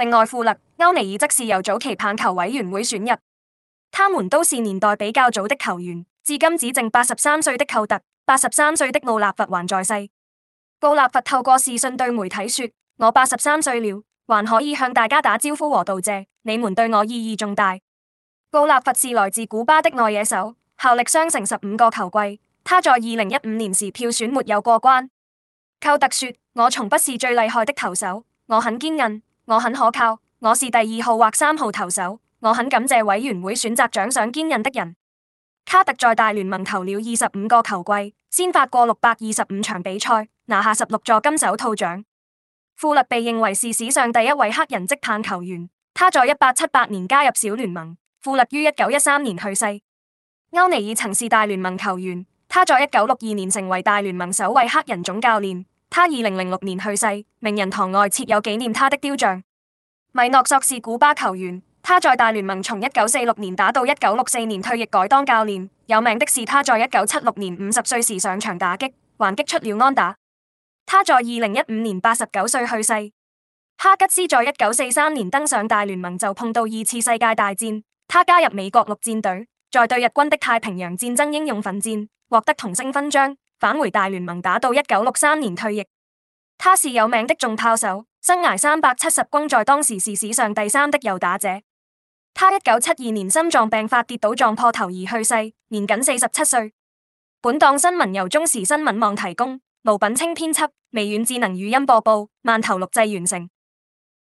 另外，富勒、歐尼爾則是由早期棒球委員會選入，他們都是年代比較早的球員。至今只剩八十三歲的寇特、八十三歲的奧立佛還在世。奧立佛透過視訊對媒體說：我八十三歲了，還可以向大家打招呼和道謝，你們對我意義重大。奧立佛是來自古巴的外野手，效力雙城十五個球季。他在二零一五年時票選沒有過關。寇特說：我從不是最厲害的投手，我很堅韌。我很可靠，我是第二號或三號投手。我很感謝委員會選擇獎賞堅韌的人。卡特在大聯盟投了二十五個球季，先發過六百二十五場比賽，拿下十六座金手套獎。富勒被認為是史上第一位黑人職棒球員，他在一八七八年加入小聯盟。富勒於一九一三年去世。歐尼爾曾是大聯盟球員，他在一九六二年成為大聯盟首位黑人總教練。他二零零六年去世，名人堂外設有紀念他的雕像。米諾索是古巴球員，他在大聯盟從一九四六年打到一九六四年退役，改當教練。有名的是他在一九七六年五十歲時上場打擊，還擊出了安打。他在二零一五年八十九歲去世。哈吉斯在一九四三年登上大聯盟就碰到二次世界大戰，他加入美國陸戰隊，在對日軍的太平洋戰爭英勇奮戰，獲得銅星勳章。返回大聯盟打到一九六三年退役，他是有名的重炮手，生涯三百七十轟，在當時是史上第三的右打者。他一九七二年心臟病發跌倒撞破頭而去世，年僅四十七歲。本檔新聞由中時新聞網提供，盧品清編輯，微軟智能語音播報，萬頭錄製完成。